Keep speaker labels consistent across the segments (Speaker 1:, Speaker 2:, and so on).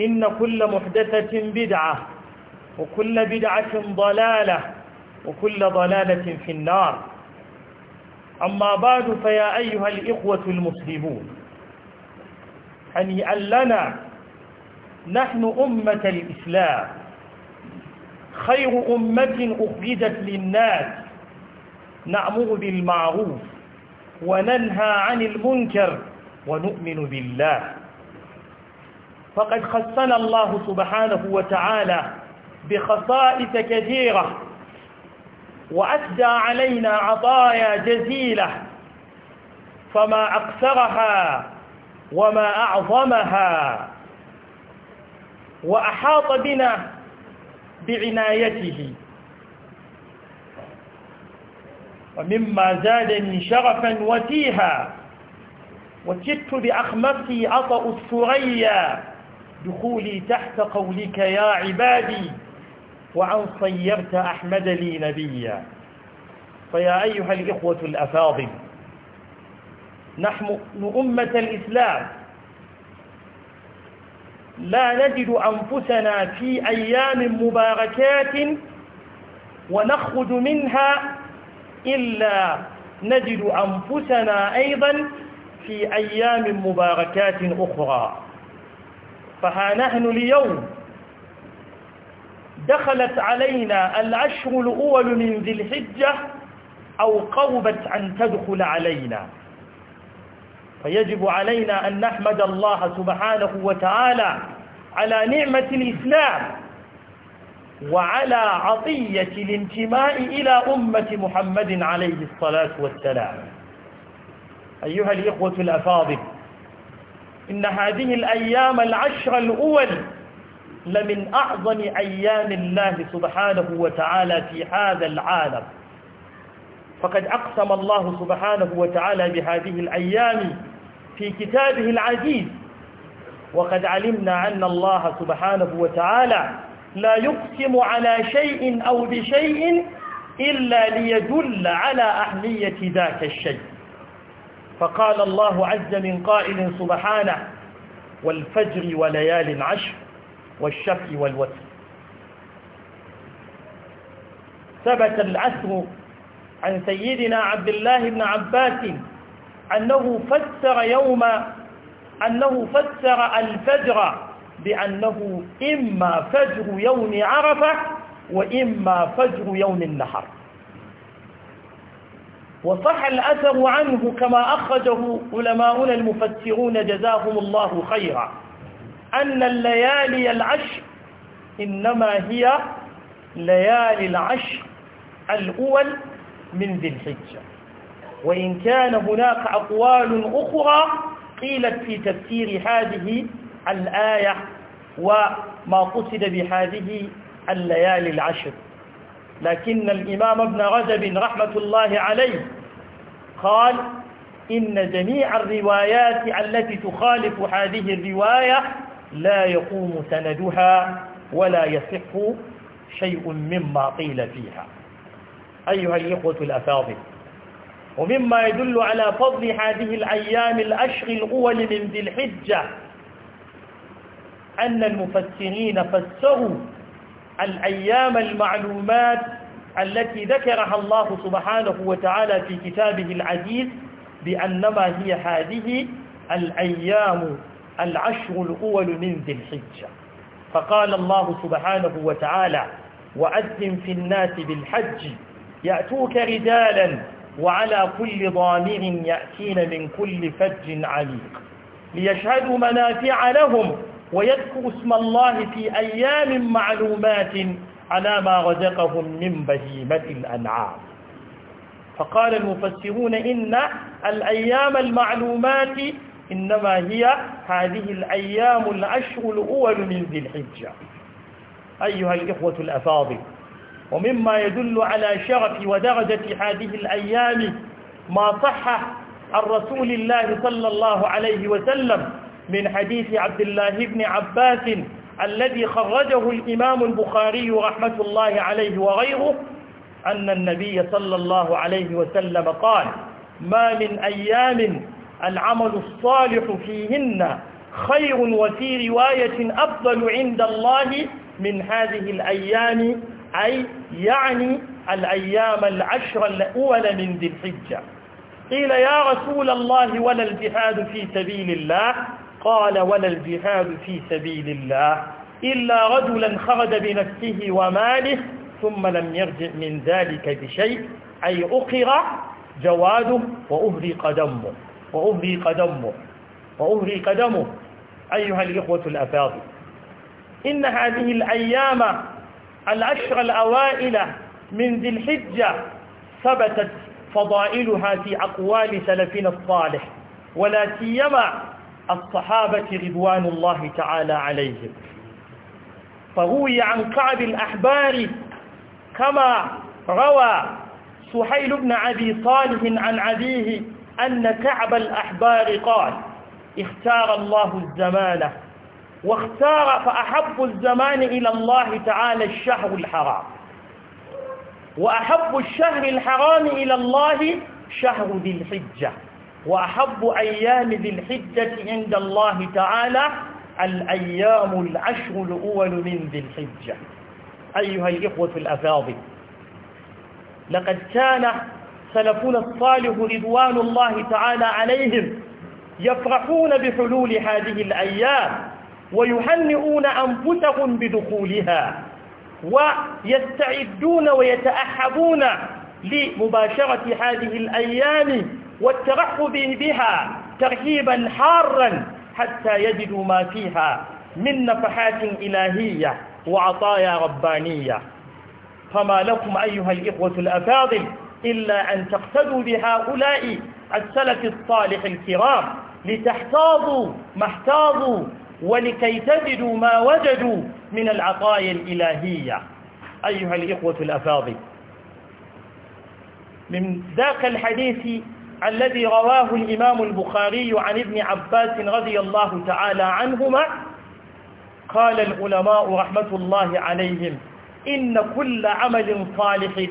Speaker 1: إن كل محدثة بدعة وكل بدعة ضلالة وكل ضلالة في النار أما بعد فيا أيها الإخوة المسلمون هنيئا لنا نحن أمة الإسلام خير أمة أخرجت للناس نأمر بالمعروف وننهى عن المنكر ونؤمن بالله فقد خصنا الله سبحانه وتعالى بخصائص كثيرة وأسدى علينا عطايا جزيلة فما أكثرها وما أعظمها وأحاط بنا بعنايته ومما زادني شرفا وتيها وكدت بأخمسي أطأ الثريا دخولي تحت قولك يا عبادي وعن صيرت أحمد لي نبيا فيا أيها الإخوة الأفاضل نحن أمة الإسلام لا نجد أنفسنا في أيام مباركات ونخرج منها إلا نجد أنفسنا أيضا في أيام مباركات أخرى فها نحن اليوم دخلت علينا الأشهر الأول من ذي الحجة أو قوبت أن تدخل علينا فيجب علينا أن نحمد الله سبحانه وتعالى على نعمة الإسلام وعلى عطية الانتماء إلى أمة محمد عليه الصلاة والسلام أيها الإخوة الأفاضل إن هذه الأيام العشر الأول لمن أعظم أيام الله سبحانه وتعالى في هذا العالم فقد أقسم الله سبحانه وتعالى بهذه الأيام في كتابه العزيز وقد علمنا أن الله سبحانه وتعالى لا يقسم على شيء أو بشيء إلا ليدل على أهمية ذاك الشيء فقال الله عز من قائل سبحانه والفجر وليال عشر والشفع والوتر ثبت العثر عن سيدنا عبد الله بن عباس أنه فسر يوم أنه فسر الفجر بأنه إما فجر يوم عرفة وإما فجر يوم النحر وصح الأثر عنه كما أخرجه علماؤنا المفسرون جزاهم الله خيرا أن الليالي العشر إنما هي ليالي العشر الأول من ذي الحجة وإن كان هناك أقوال أخرى قيلت في تفسير هذه الآية وما قصد بهذه الليالي العشر لكن الإمام ابن رجب رحمة الله عليه قال إن جميع الروايات التي تخالف هذه الرواية لا يقوم سندها ولا يصح شيء مما قيل فيها أيها الإخوة الأفاضل ومما يدل على فضل هذه الأيام الأشر الأول من ذي الحجة أن المفسرين فسروا الأيام المعلومات التي ذكرها الله سبحانه وتعالى في كتابه العزيز بأنما هي هذه الأيام العشر الأول من ذي الحجة فقال الله سبحانه وتعالى وأذن في الناس بالحج يأتوك رجالا وعلى كل ضامر يأتين من كل فج عليق ليشهدوا منافع لهم ويذكر اسم الله في أيام معلومات على ما رزقهم من بهيمة الأنعام فقال المفسرون إن الأيام المعلومات إنما هي هذه الأيام العشر الأول من ذي الحجة أيها الإخوة الأفاضل ومما يدل على شرف ودرجة هذه الأيام ما صح عن رسول الله صلى الله عليه وسلم من حديث عبد الله بن عباس الذي خرجه الإمام البخاري رحمة الله عليه وغيره أن النبي صلى الله عليه وسلم قال ما من أيام العمل الصالح فيهن خير وفي رواية أفضل عند الله من هذه الأيام أي يعني الأيام العشر الأول من ذي الحجة قيل يا رسول الله ولا الجهاد في سبيل الله قال ولا الجهاد في سبيل الله إلا رجلا خرج بنفسه وماله ثم لم يرجع من ذلك بشيء أي أقر جواده وأهرق دمه وأهرق دمه وأهرق دمه أيها الإخوة الأفاضل إن هذه الأيام العشر الأوائل من ذي الحجة ثبتت فضائلها في أقوال سلفنا الصالح ولا سيما الصحابة رضوان الله تعالى عليهم فروي عن كعب الأحبار كما روى سحيل بن أبي صالح عن أبيه أن كعب الأحبار قال اختار الله الزمان واختار فأحب الزمان إلى الله تعالى الشهر الحرام وأحب الشهر الحرام إلى الله شهر ذي الحجة وأحب أيام ذي الحجة عند الله تعالى الأيام العشر الأول من ذي الحجة أيها الإخوة الأفاضل لقد كان سلفنا الصالح رضوان الله تعالى عليهم يفرحون بحلول هذه الأيام ويهنئون أنفسهم بدخولها ويستعدون ويتأحبون لمباشرة هذه الأيام والترحب بها ترهيبا حارا حتى يجدوا ما فيها من نفحات إلهية وعطايا ربانية فما لكم أيها الإخوة الأفاضل إلا أن تقتدوا بهؤلاء السلف الصالح الكرام لتحتاضوا ما احتاضوا ولكي تجدوا ما وجدوا من العطايا الإلهية أيها الإخوة الأفاضل من ذاك الحديث الذي رواه الإمام البخاري عن ابن عباس رضي الله تعالى عنهما قال العلماء رحمة الله عليهم إن كل عمل صالح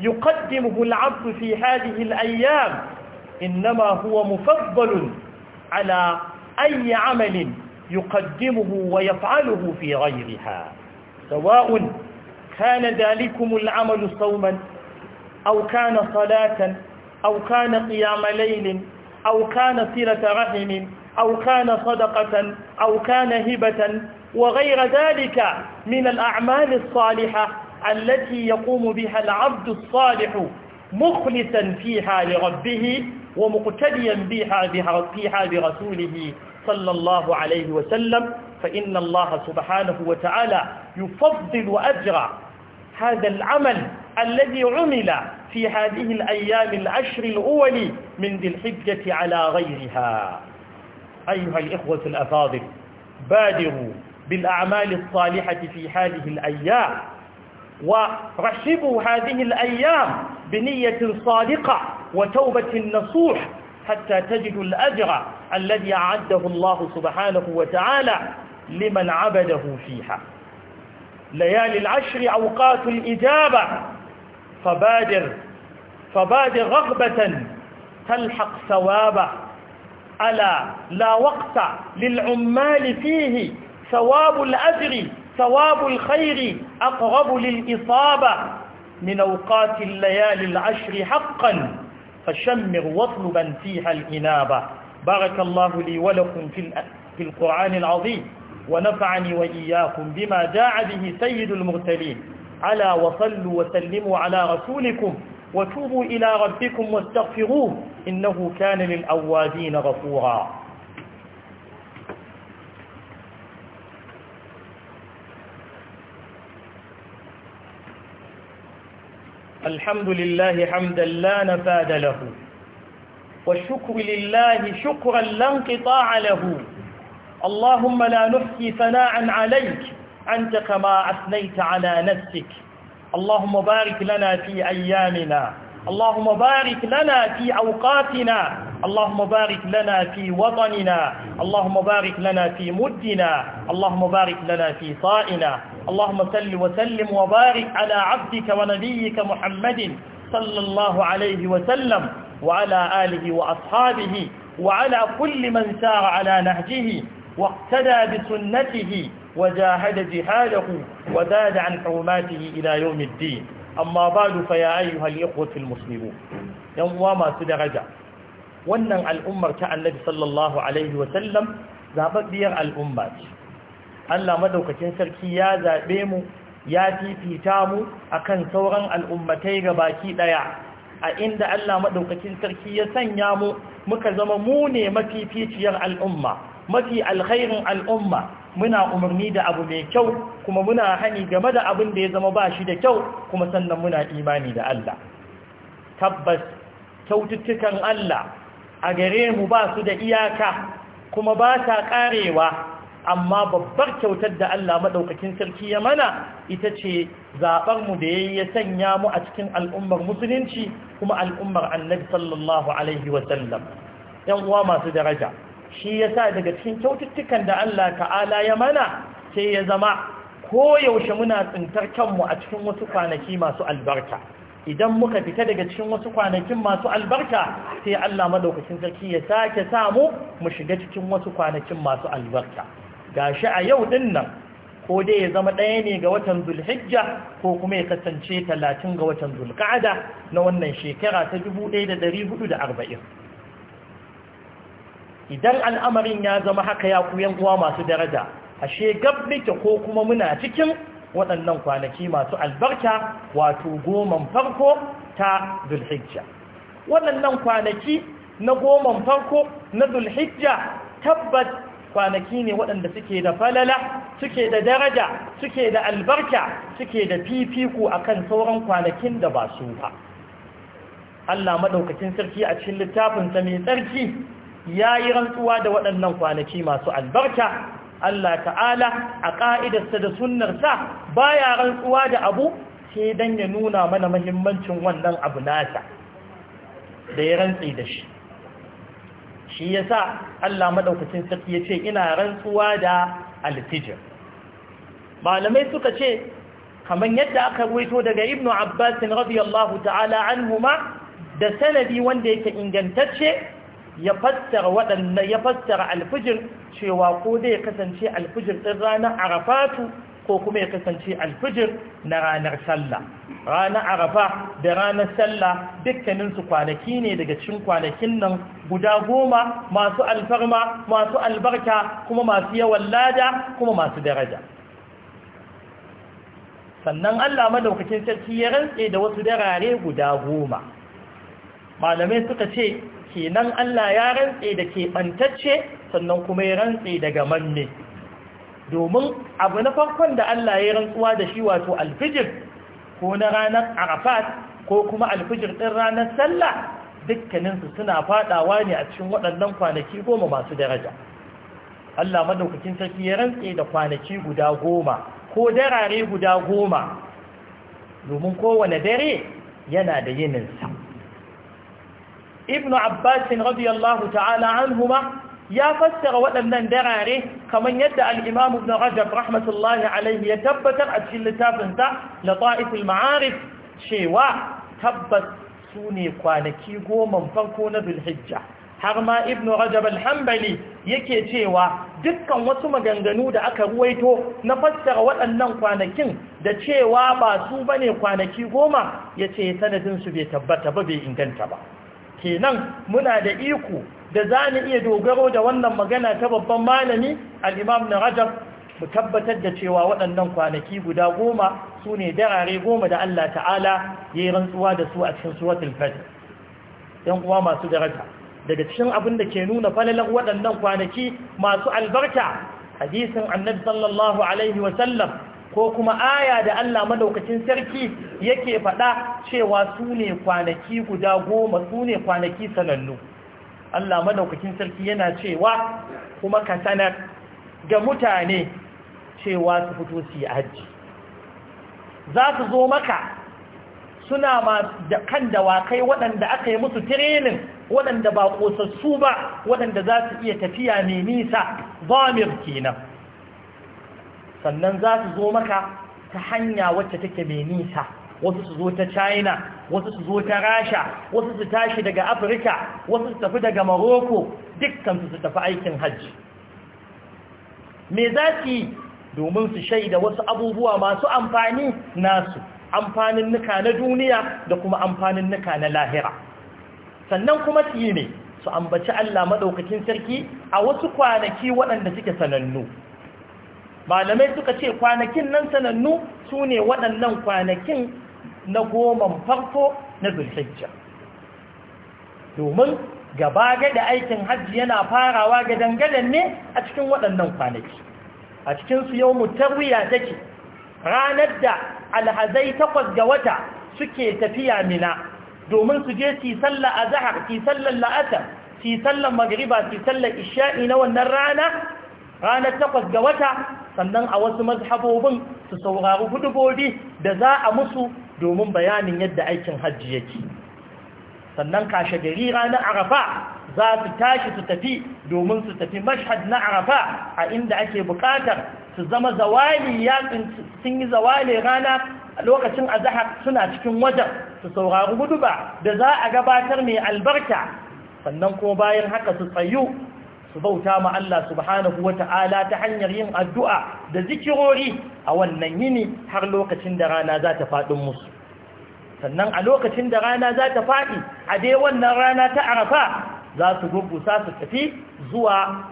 Speaker 1: يقدمه العبد في هذه الأيام إنما هو مفضل على أي عمل يقدمه ويفعله في غيرها سواء كان ذلكم العمل صوما أو كان صلاة أو كان قيام ليل أو كان صلة رحم أو كان صدقة أو كان هبة وغير ذلك من الأعمال الصالحة التي يقوم بها العبد الصالح مخلصا فيها لربه ومقتديا بها, فيها برسوله صلى الله عليه وسلم فإن الله سبحانه وتعالى يفضل أجر هذا العمل الذي عمل في هذه الأيام العشر الأول من ذي الحجة على غيرها أيها الإخوة الأفاضل بادروا بالأعمال الصالحة في هذه الأيام ورحبوا هذه الأيام بنية صادقة وتوبة نصوح حتى تجدوا الأجر الذي أعده الله سبحانه وتعالى لمن عبده فيها ليالي العشر أوقات الإجابة فبادر فبادر رغبة تلحق ثوابه ألا لا وقت للعمال فيه ثواب الأجر ثواب الخير أقرب للإصابة من أوقات الليالي العشر حقا فشمر واطلبا فيها الإنابة بارك الله لي ولكم في القرآن العظيم ونفعني وإياكم بما جاء به سيد المرسلين على وصلوا وسلموا على رسولكم وتوبوا إلى ربكم واستغفروه إنه كان للأوابين غفورا الحمد لله حمدا لا نفاد له والشكر لله شكرا لا انقطاع له اللهم لا نحكي ثناء عليك أنت كما أثنيت على نفسك اللهم بارك لنا في أيامنا اللهم بارك لنا في أوقاتنا اللهم بارك لنا في وطننا اللهم بارك لنا في مدنا اللهم بارك لنا في صائنا اللهم صل وسلم وبارك على عبدك ونبيك محمد صلى الله عليه وسلم وعلى آله وأصحابه وعلى كل من سار على نهجه واقتدى بسنته وجاهد جهاده وزاد عن حرماته إلى يوم الدين أما بعد فيا أيها الإخوة المسلمون يوم ما سدرجة wannan al'ummar ta allahu sallallahu alaihi wasallam zaɓaɓɓiyar al'umma ce Allah madaukakin sarki ya zaɓe mu ya fifita mu akan sauran al'ummatai ga baki ɗaya a inda Allah madaukakin sarki ya sanya mu muka zama mu ne mafificiyar al'umma mafi alkhairin al'umma muna umarni da abu mai kyau kuma muna hani game da abin da ya zama ba shi da kyau kuma sannan muna imani da Allah tabbas kyaututtukan Allah a gare mu ba su da iyaka kuma ba ta karewa amma babbar kyautar da Allah maɗaukakin sarki ya mana ita ce zaɓar mu da yayi ya sanya mu a cikin al'ummar musulunci kuma al'ummar annabi sallallahu alaihi wa sallam yan uwa masu daraja shi ya sa daga cikin kyaututtukan da Allah ta'ala ya mana sai ya zama ko yaushe muna tsintar kanmu a cikin wasu kwanaki masu albarka idan muka fita daga cikin wasu kwanakin masu albarka sai Allah madaukakin sarki ya sake sa mu shiga cikin wasu kwanakin masu albarka gashi a yau din nan ko dai ya zama ɗaya ne ga watan zulhijja ko kuma ya kasance talatin ga watan zulka'ada na wannan shekara ta dubu ɗaya da da ɗari arba'in. idan al'amarin ya zama haka ya ku kuwa masu daraja ashe gab ko kuma muna cikin waɗannan kwanaki masu albarka wato goman farko ta zulhijja waɗannan kwanaki na goman farko na zulhijja tabbat kwanaki ne waɗanda suke da falala suke da daraja suke da albarka suke da fifiko kan sauran kwanakin da ba su ba Allah maɗaukacin sarki a cikin littafinsa mai tsarki ya yi rantsuwa da waɗannan kwanaki masu albarka Allah ta'ala a ƙa'idarsa da sunnarsa ba ya rantsuwa da abu sai don ya nuna mana mahimmancin wannan abu nasa da ya rantsi da shi shi ya sa Allah maɗaukacin sarki ya ce ina rantsuwa da alfijir malamai suka ce kamar yadda aka ruwaito daga ibnu abbasin radiyallahu ta'ala huma da sanadi wanda yake ingantacce ya fassara ya fassara alfijir cewa ko dai ya kasance alfijir ɗin ranar arafatu ko kuma ya kasance alfijir na ranar sallah ranar arafa da ranar sallah dukkaninsu kwanaki ne daga cikin kwanakin nan guda goma masu alfarma masu albarka kuma masu yawan lada kuma masu daraja sannan allah madaukakin sarki ya rantse da wasu darare guda goma malamai suka ce kenan Allah ya rantse da keɓantacce sannan kuma ya rantse daga manne domin abu na farkon da Allah ya rantsuwa da shi wato alfijir ko na ranar arafat ko kuma alfijir ɗin ranar sallah dukkaninsu suna fadawa ne a cikin waɗannan kwanaki goma masu daraja Allah madaukakin sarki ya rantse da kwanaki guda goma ko darare guda goma domin kowane dare yana da yininsa ibn abbas radiyallahu ta'ala anhuma ya fassara waɗannan darare kamar yadda al-imam ibn rajab rahmatullahi alaihi ya tabbatar a cikin littafin sa lata'iful ma'arif cewa tabbas sune kwanaki goma farko na zulhijja har ma ibn rajab al-hanbali yake cewa dukkan wasu maganganu da aka ruwaito na fassara waɗannan kwanakin da cewa ba su bane kwanaki goma yace sanadin su bai tabbata ba bai inganta ba kenan muna da iko da za mu iya dogaro da wannan magana ta babban malami al'imam na rajab mu tabbatar da cewa waɗannan kwanaki guda goma su ne darare goma da Allah ta'ala ya yi rantsuwa da su a cikin suwatul fajr yan uwa masu daraja daga cikin abin da ke nuna falalar waɗannan kwanaki masu albarka hadisin annabi sallallahu alaihi wa sallam ko kuma aya da Allah madaukakin sarki yake faɗa cewa su ne kwanaki guda goma su ne kwanaki sanannu Allah madaukakin sarki yana cewa kuma ka sanar ga mutane cewa su fito su yi hajji za su zo maka suna kan dawakai waɗanda aka yi musu tirenin waɗanda ba ƙosassu ba waɗanda za su iya tafiya mai nisa bamir kenan sannan za su zo maka ta hanya wacce take mai nisa wasu su zo ta china wasu su zo ta rasha wasu su tashi daga afirka wasu su tafi daga maroko dukkan su tafi aikin hajji me za su yi domin su shaida wasu abubuwa masu amfani nasu amfanin nuka na duniya da kuma amfanin nuka na lahira sannan kuma su ne su ambaci Allah maɗaukakin sarki a wasu kwanaki waɗanda suke sanannu malamai suka ce kwanakin nan sanannu su ne waɗannan kwanakin na goman farko na zulhijja domin gaba gada aikin hajji yana farawa ga dangadan ne a cikin waɗannan kwanaki a cikinsu yau mutarwiya take ranar da alhazai takwas ga wata suke tafiya mina domin su je ci a zahar, ci sallar la'asar ci magriba ci isha'i na wannan rana ranar takwas ga wata sannan a wasu mazhabobin su saurari hudubobi da za a musu domin bayanin yadda aikin hajji yake sannan kashe gari ranar arafa za su tashi su tafi domin su tafi mashhad na arafa a inda ake bukatar su zama zawali sun yi zawali rana lokacin azahar suna cikin wajen su saurari guduba da za a gabatar mai albarka sannan kuma bayan haka su tsayu su bauta ma Allah subhanahu wa ta'ala ta hanyar yin addu'a da zikirori a wannan yini har lokacin da rana za ta faɗin musu sannan a lokacin da rana za ta faɗi a dai wannan rana ta arafa za su gurgusa su tafi zuwa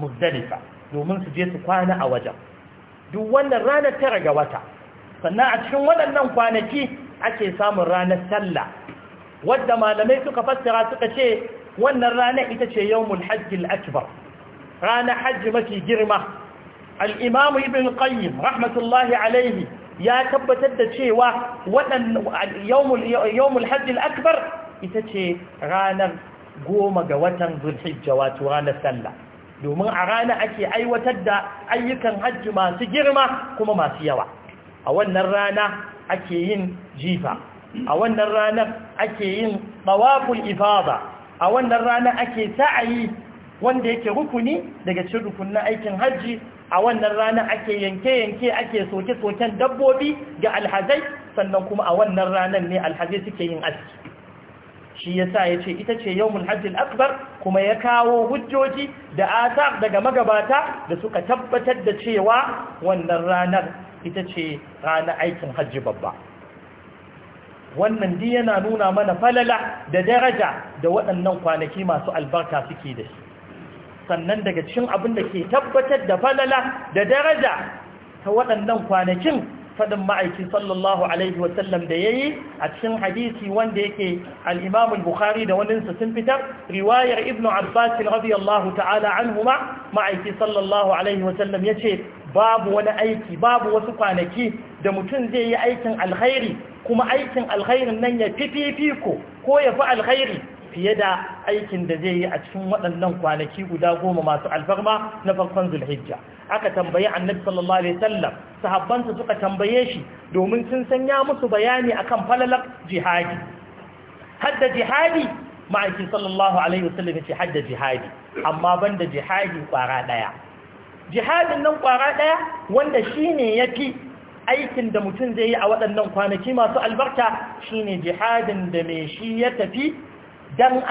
Speaker 1: muzdalifa domin su je su kwana a wajen duk wannan ranar tara ga wata sannan a cikin waɗannan kwanaki ake samun ranar sallah wadda malamai suka fassara suka ce wannan rana ita ce yawmul hajjil akbar rana hajji mafi girma al-imam ibn qayyim rahmatullahi alaihi ya tabbatar da cewa waɗannan yawmul hajjil akbar ita ce ranar goma ga watan zulhijja wato ranar sallah domin a rana ake aiwatar da ayyukan hajji masu girma kuma masu yawa a wannan rana ake yin jifa a wannan ranar ake yin tsawaful ifada a wannan rana ake sa'ayi wanda yake rukuni daga cikin rukunin aikin hajji a wannan rana ake yanke-yanke ake soke-soken dabbobi ga alhazai sannan kuma a wannan ranar ne alhazai suke yin aski shi yasa yace ita ce yawmul hajjil akbar kuma ya kawo hujjoji da asar daga magabata da suka tabbatar da cewa wannan ranar ita ce ranar aikin hajji babba wannan di yana nuna mana falala da daraja da waɗannan kwanaki masu albarka suke da shi sannan daga cikin abin da ke tabbatar da falala da daraja ta waɗannan kwanakin faɗin ma'aiki sallallahu alaihi wasallam da ya yi a cikin hadisi wanda yake al'imamun bukhari da waninsa sun fitar riwayar ibn abbasin radiyallahu ta'ala an huma ma'aiki sallallahu alaihi wasallam ya ce babu wani aiki babu wasu kwanaki da mutum zai yi aikin alkhairi kuma aikin alkhairin nan ya fi fifiko ko ya fi alkhairi fiye da aikin da zai yi a cikin waɗannan kwanaki guda goma masu alfarma na farkon zulhijja aka tambaye annabi sallallahu alaihi wasallam sahabbansa suka tambaye shi domin sun san ya musu bayani akan falalar jihadi hadda jihadi ma'aikin sallallahu alaihi wasallam ya ce hadda jihadi amma banda jihadi kwara daya jihadin nan kwara ɗaya wanda shi ne yafi aikin da mutum zai yi a waɗannan kwanaki masu albarka shine jihadin da mai shi ya tafi dan